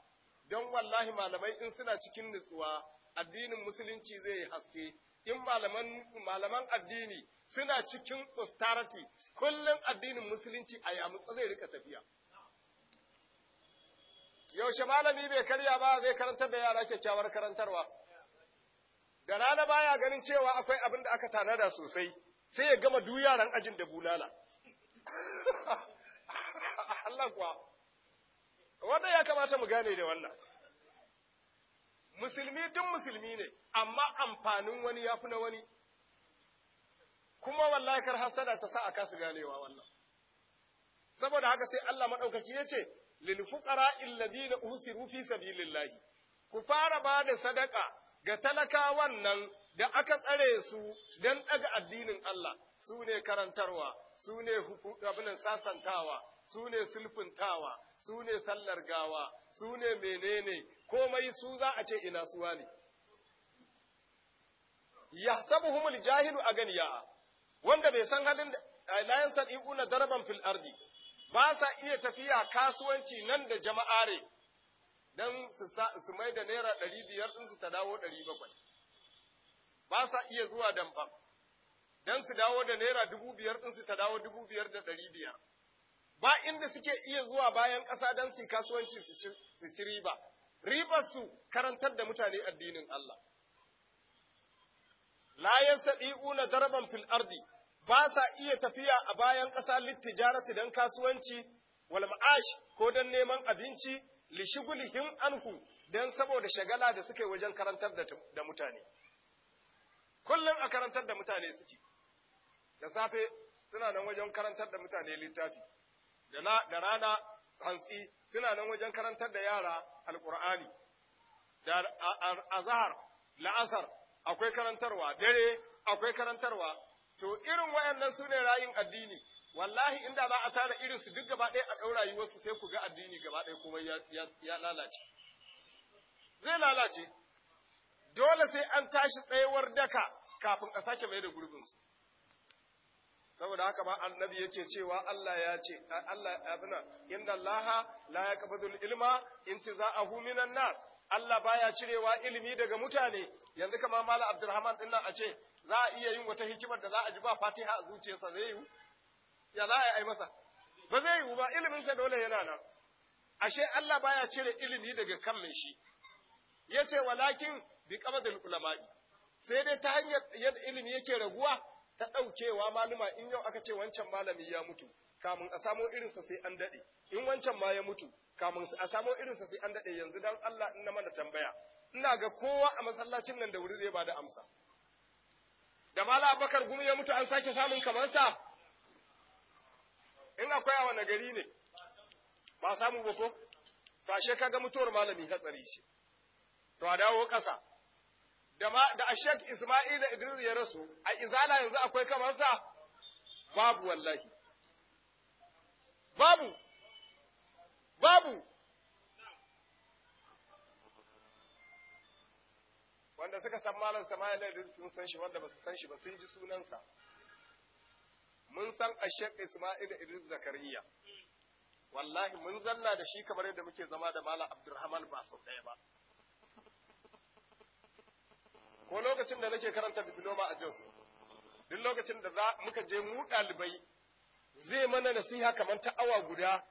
don wallahi malamai in suna cikin nutsuwa addinin musulunci zai haske in malaman malaman addini suna cikin austerity kullum addinin musulunci a yamutsa zai rika tafiya yaushe malami bai karya ba zai karantar da yara kyakkyawar karantarwa da rana baya ganin cewa akwai abin da aka tanada sosai sai ya gama duk yaran ajin da bulala Allah kuwa wanda ya kamata mu gane da wannan musulmi duk musulmi ne amma amfanin wani ya fi na wani kuma wallahi kar hasada ta sa a kasu ganewa wannan saboda haka sai Allah madaukaki ya ce lil fuqara alladhina usiru fi sabilillahi ku fara ba da sadaka ga talakawan nan da aka tsare su dan ɗaga addinin Allah su ne karantarwa su ne abinan sasantawa su ne sulfuntawa su ne sallar gawa su ne menene komai su za a ce ina suwa ne humul jahilu a aganiya wanda bai san halin da san eh, yansadiquna daraban fil ardi ba sa iya tafiya kasuwanci nan da jama'are dan su mai da naira 500 din su ta dawo 700 ba sa iya zuwa damfam dan su dawo da naira 5000 din su ta dawo biyar. ba inda suke iya zuwa bayan ƙasa don su kasuwanci su ci riba, riba su karantar da mutane addinin Allah. La yastadi'una darban fil ardi ba sa iya tafiya a bayan ƙasa littijarati don kasuwanci wal ma'ash ko don neman abinci li shugulihim anhu don saboda shagala da suke wajen karantar da mutane. Kullum a karantar da mutane suke, da safe suna nan wajen karantar da mutane littafi, da rana hantsi suna nan wajen karantar da yara alkur'ani da azhar la'asar akwai karantarwa dare akwai karantarwa to irin wayannan sune rayin addini wallahi inda za a tara irin su duk gaba ɗaya a yi wasu, sai ku ga addini gaba ɗaya kuma ya lalace zai lalace dole sai an tashi tsayawar daka kafin a sake mai da gurbinsu saboda haka ma annabi yake cewa Allah ya ce Allah abuna inna Allah la yaqbidul ilma intiza'ahu minan nas Allah baya cirewa ilimi daga mutane yanzu kamar Malam Abdulrahman din nan a ce za a iya yin wata hikimar da za a ji ba Fatiha a zuciyarsa zai yi ya za a yi masa ba zai yi ba ilimin sa dole yana nan ashe Allah baya cire ilimi daga kan shi yace walakin bi qamadul ulama'i sai dai ta hanyar yadda ilimi yake raguwa ta ɗaukewa maluma in yau aka ce wancan malami ya mutu kamun a samo irinsa sai an daɗe in wancan ma ya mutu kamun a samo irinsa sai an daɗe yanzu dan Allah in na mana tambaya ina ga kowa a masallacin nan da wuri zai bada amsa da mala abakar gumi ya mutu an sake samun kamar sa? in akwai a wani gari ne ba samu ba ko ba she kaga mutuwar malami hatsari ce to a dawo ƙasa da a shek Ismaila Idris ya rasu, a izala yanzu akwai kamarsa? Babu wallahi. Babu, babu. Wanda suka san Malam Sama'ila Idris sun san shi, wanda ba su san shi ba sun ji sunansa. Mun san a shek Ismaila Idris Zakariya. Wallahi mun zanna da shi kamar yadda muke zama da Malam Abdulrahman ba sau ɗaya ba. ko lokacin da nake karanta diploma a Jos duk lokacin da za muka je mu ɗalibai zai mana nasiha kamar ta awa guda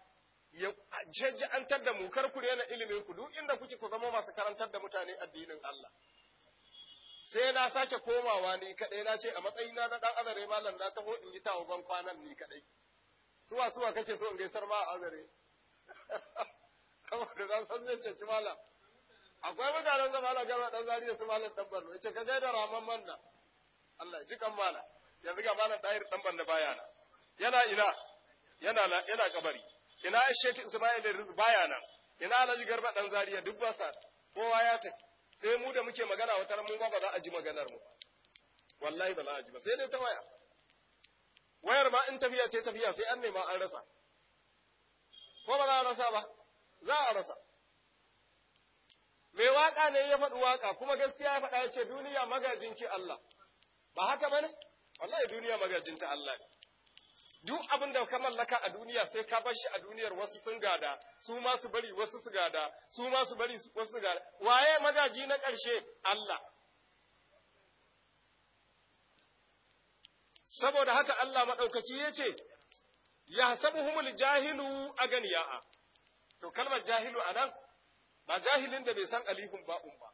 ya jajjantar da mu kar ku rena ilimi ku duk inda kuke ku zama masu karantar da mutane addinin Allah sai na sake komawa ni kadai na ce a matsayina na dan azare mallam na taho in yi tawo ban kwanan ni kadai suwa suwa kake so in gaisar ma azare saboda da san sanya ce malam akwai mutanen da malam gama dan zariya su malam dan barno yace ka gaida raman manna Allah ji kan mana yanzu ga malam dahir dan barno baya na yana ina yana yana kabari ina sheki ismail da bayana? baya na ina alhaji garba dan zariya duk ba sa kowa ya tafi sai mu da muke magana wata ran mu ba ba za a ji maganar mu wallahi ba za a ji ba sai dai ta waya wayar ma in tafiya sai tafiya sai an nema an rasa ko ba za a rasa ba za a rasa mai waka ne ya faɗi waka kuma gaskiya ya faɗa ya ce duniya magajin ki Allah ba haka ba ne wallahi duniya magajin ta Allah ne duk abin da ka mallaka a duniya sai ka bar shi a duniyar wasu sun gada su ma su bari wasu su gada su ma su bari wasu su gada waye magaji na ƙarshe Allah saboda haka Allah maɗaukaki ya ce ya sabuhumul jahilu a ganiya'a to kalmar jahilu a nan ba jahilin da bai san alifun ba'un ba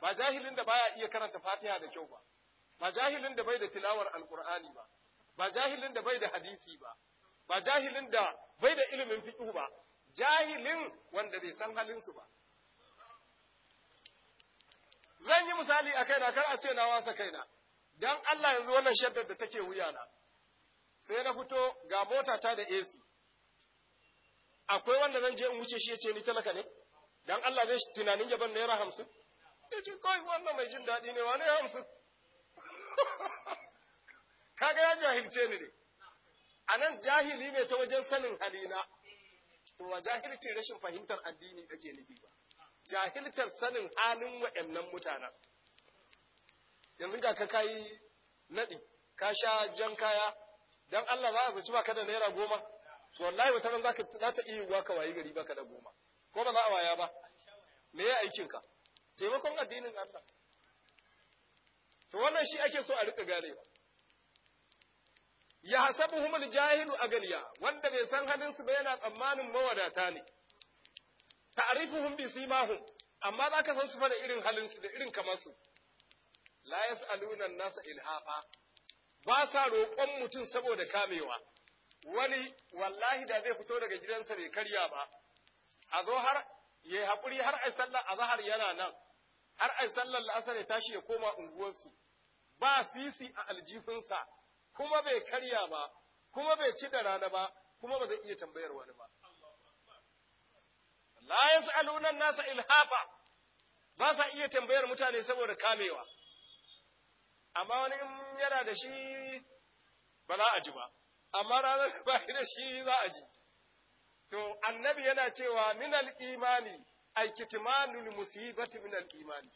ba jahilin da baya iya karanta fatiha da kyau ba ba jahilin da bai da tilawar alqur'ani ba ba jahilin da bai da hadisi ba ba jahilin da bai da ilimin fiqh ba jahilin wanda bai san halin su ba zan yi misali a kaina kar a ce na wasa kaina dan Allah yanzu wannan shaddar da take wuyana sai na fito ga mota ta da AC akwai wanda zan je in wuce shi ya ce ni talaka ne dan Allah zai tunanin yaban naira hamsin ya ce kawai wannan mai jin daɗi ne wane hamsin kaga ya jahilce ni ne a nan jahili ne ta wajen sanin halina to wa jahilci rashin fahimtar addini ake nufi ba jahiltar sanin halin wa'annan mutanen yanzu ga ka kayi naɗi ka sha jan kaya dan Allah za ka ci ba ka da naira goma to wallahi wata ran za ta iya yiwuwa ka wayi gari ka da goma ko ba za a waya ba me ya aikin taimakon addinin Allah to wannan shi ake so a rika ganewa ya humul jahilu agaliya wanda bai san halin su ba yana tsammanin mawadata ne ta'rifuhum bi simahum amma zaka san su fa irin halin su da irin kamar su la yas'aluna an-nasa ilhafa ba sa roƙon mutum saboda kamewa wani wallahi da zai fito daga gidansa bai karya ba a zo har ya haƙuri har ai sallar azhar yana nan har ai sallar la'asar ya tashi ya koma unguwarsu ba sisi a aljifinsa kuma bai karya ba kuma bai ci da rana ba kuma ba zai iya tambayar wani ba la yas'aluna nasa ilhafa ba sa iya tambayar mutane saboda kamewa amma wani yana da shi ba za a ji ba amma ranar ba shi za a ji To, annabi yana cewa minal imani, ai, kitmanul musibati minal imani,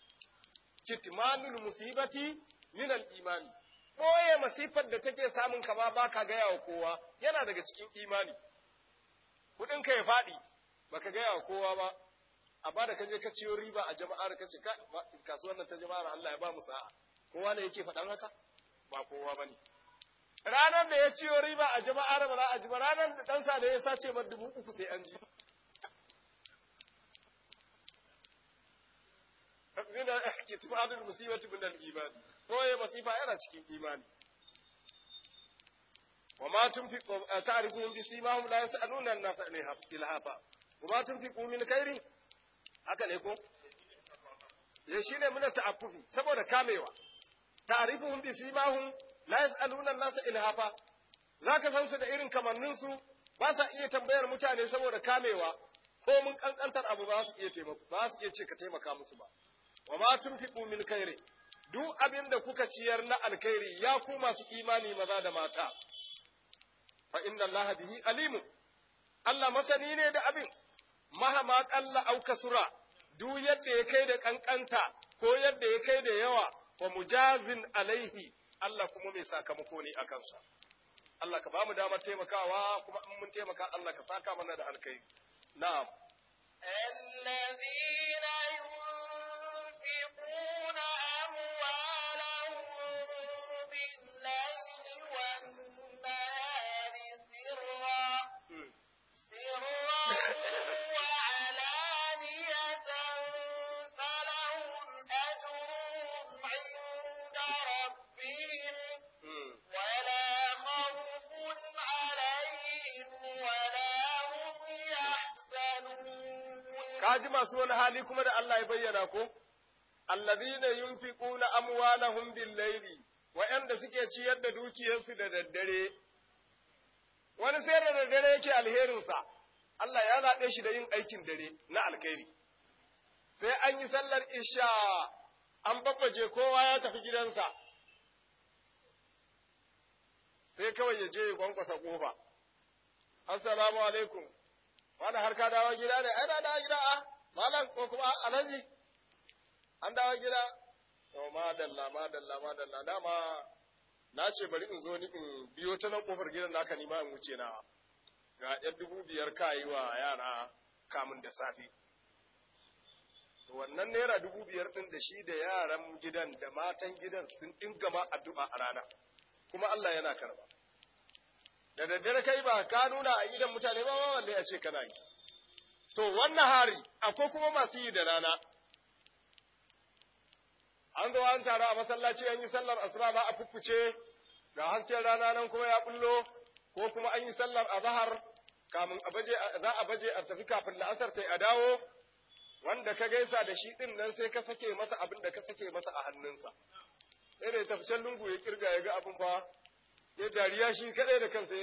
kitmanul musibati minal imani, Boye masifar da take samun ka ba ka gaya wa kowa yana daga cikin imani, kuɗinka ya faɗi, baka gaya wa kowa ba, amma da kaje ka ciyo riba a jama'ar ka kasuwar nan ta jama'ar Allah ya ba mu sa'a, kowa ne yake faɗan haka? Ba kowa ba ne. ranar da ya ciyo riba a jama'ar ba za a ji ba ranar da ɗansa da ya sace ba dubu uku sai an ji min ihtifadul musibati min al-iman koye masifa yana cikin imani wama tunfiqu ta'rifun bi simahum la na an-nasa ilhafa tun fi kumin kairi? haka ne ko ya eh, ne muna ta'affufi saboda kamewa su yi simahum la yas'aluna an-nasa ilhafa zaka san su da irin kamannin su ba sa iya tambayar mutane saboda kamewa ko mun kankantar abu ba su iya taimako ba su iya ce ka taimaka musu ba wa ma tunfiqu min khairi duk abin da kuka ciyar na alkhairi ya ku masu imani maza da mata fa inna allaha bihi alimu Allah masani ne da abin mahama qalla aw kasura duk yadda ya kai da kankanta ko yadda ya kai da yawa wa mujazin alaihi Allah kuma mai sakamako ne a kansa Allah ka ba mu damar taimakawa kuma in mun taimaka Allah ka saka mana da alkai na'am الذي masu wani hali kuma da Allah ya bayyana ko alladhina yunfiquna amwalahum bil-laili wa'anda suke ciyar da dukiyarsu da daddare wani sai da daddare yake alherinsa Allah ya zaɓe shi da yin aikin dare na alkhairi sai an yi sallar isha an babbaje kowa ya tafi gidansa sai kawai ya je ya kwankwasa kofa assalamu alaikum wani harka dawa dawo gida ne ai na gida a ah. malam ko kuma alhaji an dawo gida to dalla ma dalla dama na ce bari in zo ni in biyo ta nan kofar gidan naka ni ma in wuce na ga yan dubu biyar ka yara kamun da safe wannan naira dubu biyar din da shi da yaran gidan da matan gidan sun dinga ma addu'a a rana kuma Allah yana karba da daddare kai ba ka nuna a gidan mutane ba wallahi ya ce kana yi to wannan hari akwai kuma masu yi da rana an zo an taru a masallaci an yi sallar asuba ba a fuffuce ga hasken rana nan kuma ya bullo ko kuma an yi sallar azhar kamun za a baje a tafi kafin la'asar yi a dawo wanda ka gaisa da shi din nan sai ka sake masa abin da ka sake masa a hannunsa sai da tafi can lungu ya kirga ya ga abin fa ya dariya shi kadai da kansa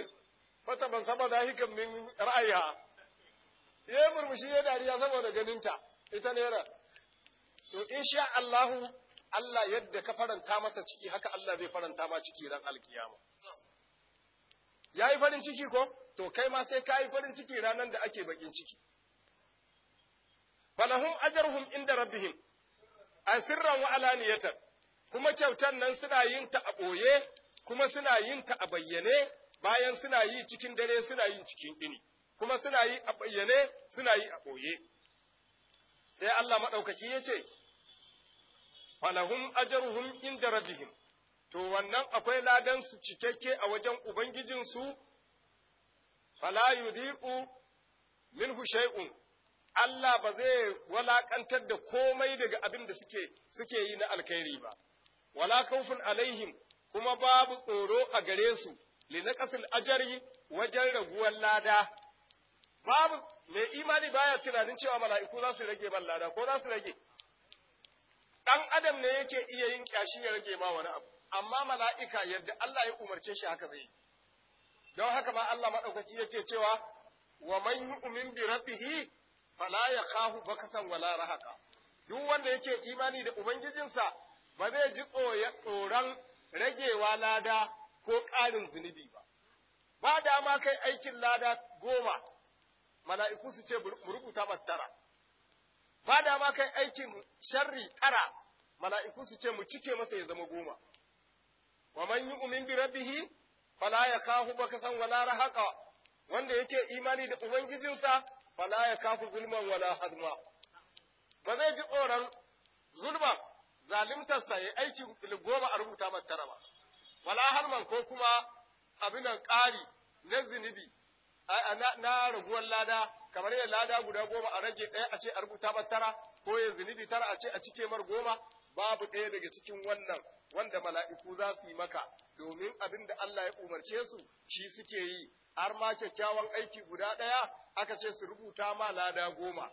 fata ban saba zahikan min ha. ya eh, yi murmushi ya dariya saboda ganinta ita naira to in sha Allahu Allah yadda ka faranta masa ciki haka Allah zai faranta ma ciki ran alkiyama ya yi farin ciki ko to kai ma sai ka yi farin ciki ranar da ake bakin ciki falahum ajruhum inda rabbihim a sirran wa alaniyatan kuma kyautan nan suna yin ta a boye kuma suna yin ta a bayyane bayan suna yi cikin dare suna yin cikin ini kuma suna yi a bayyane suna yi a ɓoye sai Allah maɗaukaki ya ce falahum ajruhum inda rabbihim to wannan akwai ladan su cikakke a wajen ubangijinsu fala yudhi'u minhu Allah ba zai walaƙantar da komai daga abin da suke suke yi na alkhairi ba wala kaufin alaihim kuma babu tsoro a gare su linaqasil ajri wajen raguwar lada babu mai imani baya tunanin cewa mala'iku za su rage ban lada ko za su rage dan adam ne yake iya yin kyashi ya rage ma wani abu amma mala'ika yadda Allah ya umarce shi haka zai don haka ma Allah ya ce cewa wa man yu'min bi rabbih fala yakhafu bakasan wala rahaqa duk wanda yake imani da ubangijinsa ba zai ji tsoron ragewa lada ko ƙarin zunubi ba ba dama kai aikin lada goma mala'iku su ce mu rubuta ba tara ba da ma kai aikin sharri tara mala'iku su ce mu cike masa ya zama goma wa man yu'min bi rabbih fala ka bakasan wala rahaqa wanda yake imani da ubangijinsa fala kahu zulman wala hazma ba zai ji tsoron zulma zaluntarsa ya aiki goma a rubuta ba tara ba wala harman ko kuma abinan ƙari na zunubi na raguwar lada kamar yin lada guda goma a rage ɗaya a ce a rubuta ba tara ko yin zunubi tara a ce a cike mar goma babu ɗaya daga cikin wannan wanda mala'iku za su yi maka domin abin da Allah ya umarce su shi suke yi har ma kyakkyawan aiki guda ɗaya aka ce su rubuta ma lada goma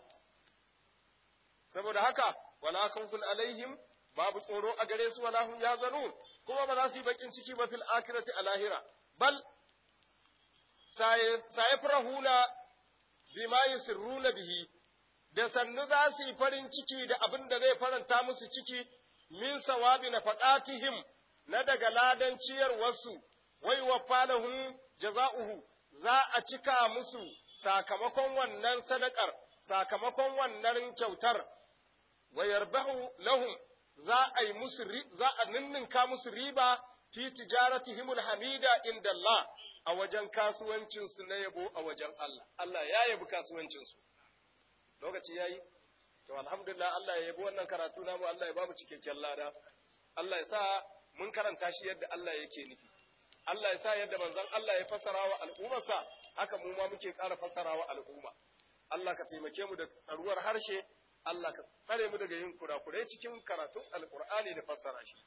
saboda haka wala khawfun alaihim babu tsoro a gare su wala hum zanu? kuma ba za su yi bakin ciki ba fil akhirati a lahira bal sayafrahuna bima yusirruna bihi da sannu za su yi farin ciki da abin da zai faranta musu ciki min sawabi na faɗatihim na daga ladan ciyarwarsu wai wa jaza'uhu za a cika musu sakamakon wannan sadakar sakamakon wannan kyautar wa yarbahu lahum za a yi musu za a ninninka musu riba fi tijaratihimul hamida inda Allah a wajen kasuwancinsu na yabo a wajen Allah Allah ya yabi kasuwancinsu lokaci ya yi, to alhamdulillah Allah ya yabi wannan karatu namu Allah ya bamu cikakken lada Allah ya sa mun karanta shi yadda Allah yake nufi Allah ya sa yadda manzan Allah ya fasara wa al'ummarsa haka mu ma muke ƙara fasara wa al'umma Allah ka taimake mu da tsaruwar harshe Allah ka tsare mu daga yin kurakurai cikin karatun alkur'ani da fassara shi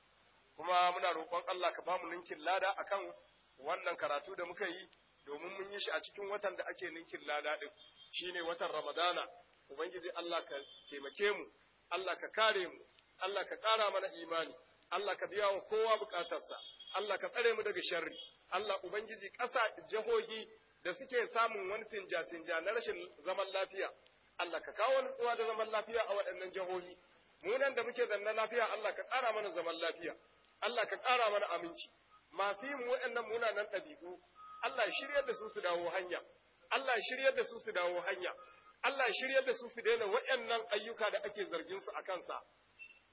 kuma muna roƙon Allah ka ba mu ninkin lada akan wannan karatu da muka yi domin mun yi shi a cikin watan da ake ninkin lada din shine watan Ramadana ubangiji Allah ka taimake mu Allah ka kare mu Allah ka ƙara mana imani Allah ka biya wa kowa bukatarsa Allah ka tsare mu daga sharri Allah ubangiji ƙasa jahohi da suke samun wani tinja-tinja na rashin zaman lafiya Allah ka kawo nutsuwa da zaman lafiya a waɗannan jihohi mu nan da muke zanna lafiya Allah ka ƙara mana zaman lafiya Allah ka ƙara mana aminci masu yin waɗannan munanan ɗabi'u Allah shirya da su su dawo hanya Allah shirya da su su dawo hanya Allah shirya da su su daina waɗannan ayyuka da ake zargin su a kansa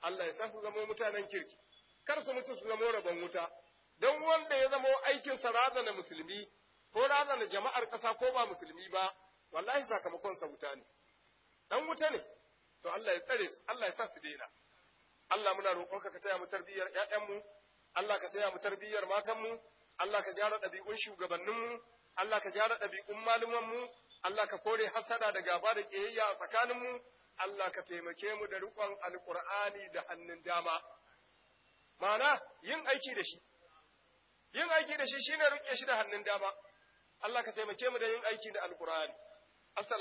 Allah ya sa su zama mutanen kirki kar su mutu su zama rabon wuta don wanda ya zama aikin sa razana musulmi ko razana jama'ar ƙasa ko ba musulmi ba wallahi sakamakon sa wuta ne dan wuta ne to Allah ya tsare su Allah ya sa su daina Allah muna roƙonka ka taya mu tarbiyyar ƴaƴanmu Allah ka taya mu tarbiyyar matanmu Allah ka gyara ɗabi'un shugabanninmu Allah ka gyara ɗabi'un malumanmu Allah ka kore hasada da gaba da ƙiyayya a tsakaninmu Allah ka taimake mu da riƙon alƙur'ani da hannun dama ma'ana yin aiki da shi yin aiki da shi shine riƙe shi da hannun dama Allah ka taimake mu da yin aiki da alƙur'ani